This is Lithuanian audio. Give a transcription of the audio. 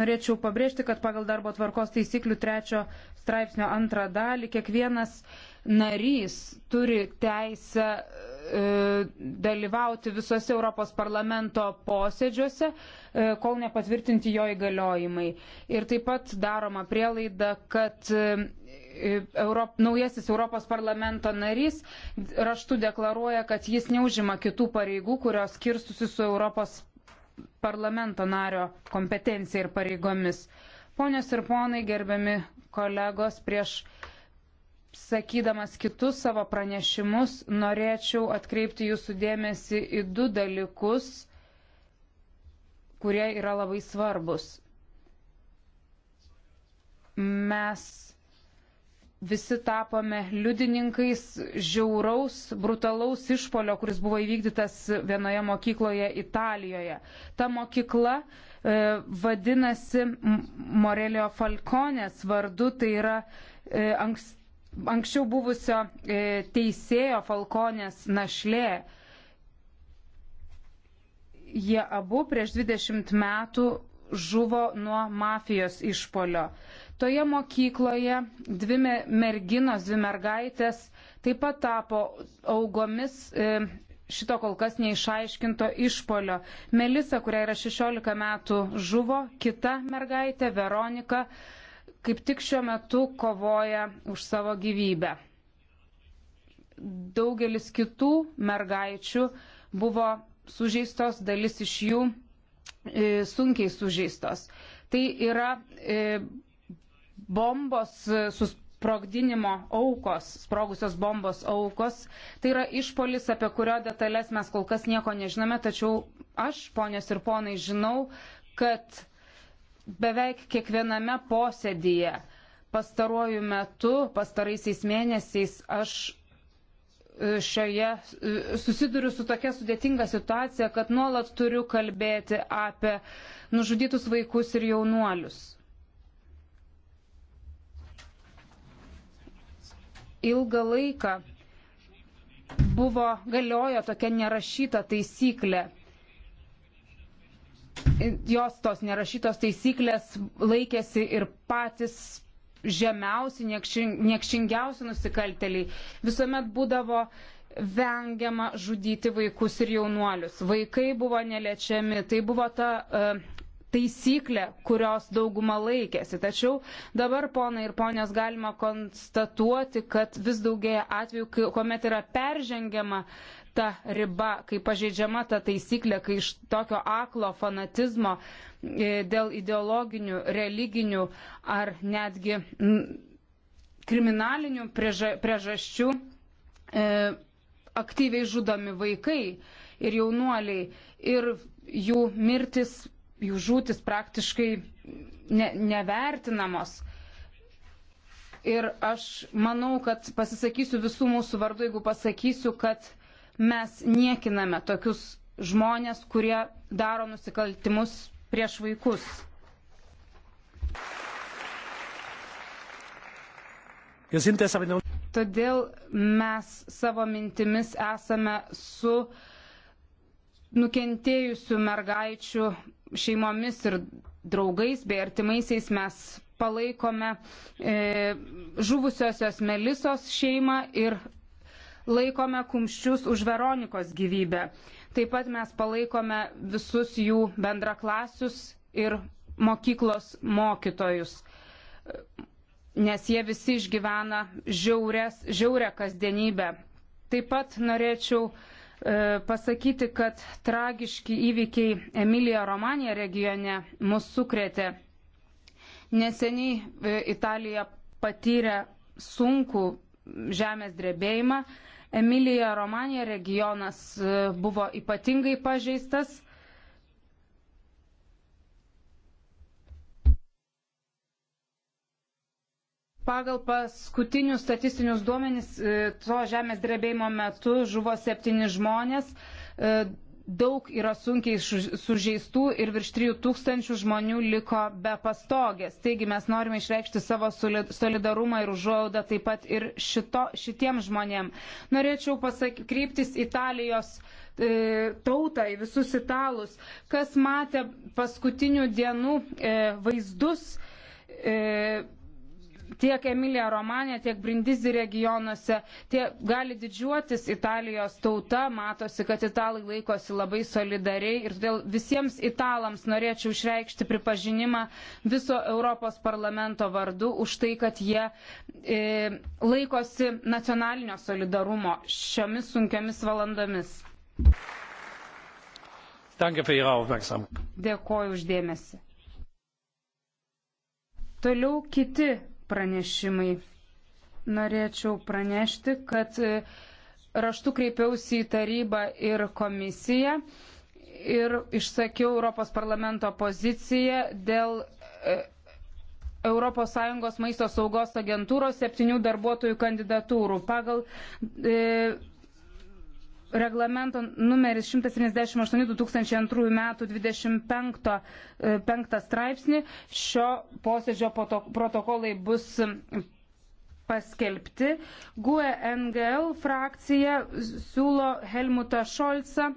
Norėčiau pabrėžti, kad pagal darbo tvarkos taisyklių trečio straipsnio antrą dalį kiekvienas narys turi teisę e, dalyvauti visuose Europos parlamento posėdžiuose, e, kol nepatvirtinti jo įgaliojimai. Ir taip pat daroma prielaida, kad e, Europ, naujasis Europos parlamento narys raštu deklaruoja, kad jis neužima kitų pareigų, kurios kirstusi su Europos parlamento nario kompetencija ir pareigomis. Ponios ir ponai, gerbiami kolegos, prieš sakydamas kitus savo pranešimus, norėčiau atkreipti jūsų dėmesį į du dalykus, kurie yra labai svarbus. Mes visi tapome liudininkais žiauraus, brutalaus išpolio, kuris buvo įvykdytas vienoje mokykloje Italijoje. Ta mokykla e, vadinasi Morelio Falkonės vardu, tai yra e, anks, anksčiau buvusio e, teisėjo Falkonės našlė. Jie abu prieš 20 metų žuvo nuo mafijos išpolio. Toje mokykloje dvi merginos, dvi mergaitės taip pat tapo augomis e, šito kol kas neišaiškinto išpolio. Melisa, kuria yra 16 metų, žuvo, kita mergaitė, Veronika, kaip tik šiuo metu kovoja už savo gyvybę. Daugelis kitų mergaičių buvo sužeistos, dalis iš jų E, sunkiai sužeistos. Tai yra e, bombos e, susprogdinimo aukos, sprogusios bombos aukos. Tai yra išpolis, apie kurio detalės mes kol kas nieko nežinome, tačiau aš, ponios ir ponai, žinau, kad beveik kiekviename posėdyje pastaruoju metu, pastaraisiais mėnesiais aš šioje, susiduriu su tokia sudėtinga situacija, kad nuolat turiu kalbėti apie nužudytus vaikus ir jaunuolius. Ilgą laiką buvo galiojo tokia nerašyta taisyklė. Jos tos nerašytos taisyklės laikėsi ir patys žemiausi, niekšingiausi nusikalteliai. Visuomet būdavo vengiama žudyti vaikus ir jaunuolius. Vaikai buvo neliečiami. Tai buvo ta uh, taisyklė, kurios dauguma laikėsi. Tačiau dabar, ponai ir ponios, galima konstatuoti, kad vis daugėja atvejų, kuomet yra peržengiama uh, ta riba, kai pažeidžiama ta taisyklė, kai iš tokio aklo fanatizmo e, dėl ideologinių, religinių ar netgi kriminalinių prieža, priežasčių e, aktyviai žudomi vaikai ir jaunuoliai ir jų mirtis, jų žūtis praktiškai ne, nevertinamos. Ir aš manau, kad pasisakysiu visų mūsų vardu, jeigu pasakysiu, kad mes niekiname tokius žmonės, kurie daro nusikaltimus prieš vaikus. Todėl mes savo mintimis esame su nukentėjusių mergaičių šeimomis ir draugais bei artimaisiais mes palaikome e, žuvusiosios Melisos šeimą ir laikome kumščius už Veronikos gyvybę. Taip pat mes palaikome visus jų bendraklasius ir mokyklos mokytojus, nes jie visi išgyvena žiaurės, žiaurę kasdienybę. Taip pat norėčiau e, pasakyti, kad tragiški įvykiai Emilija Romanija regione mus sukrėtė. Neseniai e, Italija patyrė sunku žemės drebėjimą Emilija Romanija regionas e, buvo ypatingai pažeistas. Pagal paskutinius statistinius duomenys e, to žemės drebėjimo metu žuvo septyni žmonės, e, daug yra sunkiai sužeistų ir virš 3000 žmonių liko be pastogės. Taigi mes norime išreikšti savo solidarumą ir užuodą taip pat ir šito, šitiem žmonėm. Norėčiau pasak, kryptis Italijos e, tautą, į visus italus, kas matė paskutinių dienų e, vaizdus. E, tiek Emilija Romanė, tiek Brindisi regionuose tie gali didžiuotis Italijos tauta, matosi, kad italai laikosi labai solidariai ir todėl visiems italams norėčiau išreikšti pripažinimą viso Europos parlamento vardu už tai, kad jie e, laikosi nacionalinio solidarumo šiomis sunkiamis valandomis. Dėkoju uždėmesi. Toliau kiti pranešimai. Norėčiau pranešti, kad e, raštu kreipiausi į tarybą ir komisiją ir išsakiau Europos parlamento poziciją dėl ES maisto saugos agentūros septynių darbuotojų kandidatūrų. Pagal e, reglamento numeris 178-2002 metų 25 e, straipsnį. Šio posėdžio protokolai bus paskelbti. GUE NGL frakcija siūlo Helmutą Šolcą.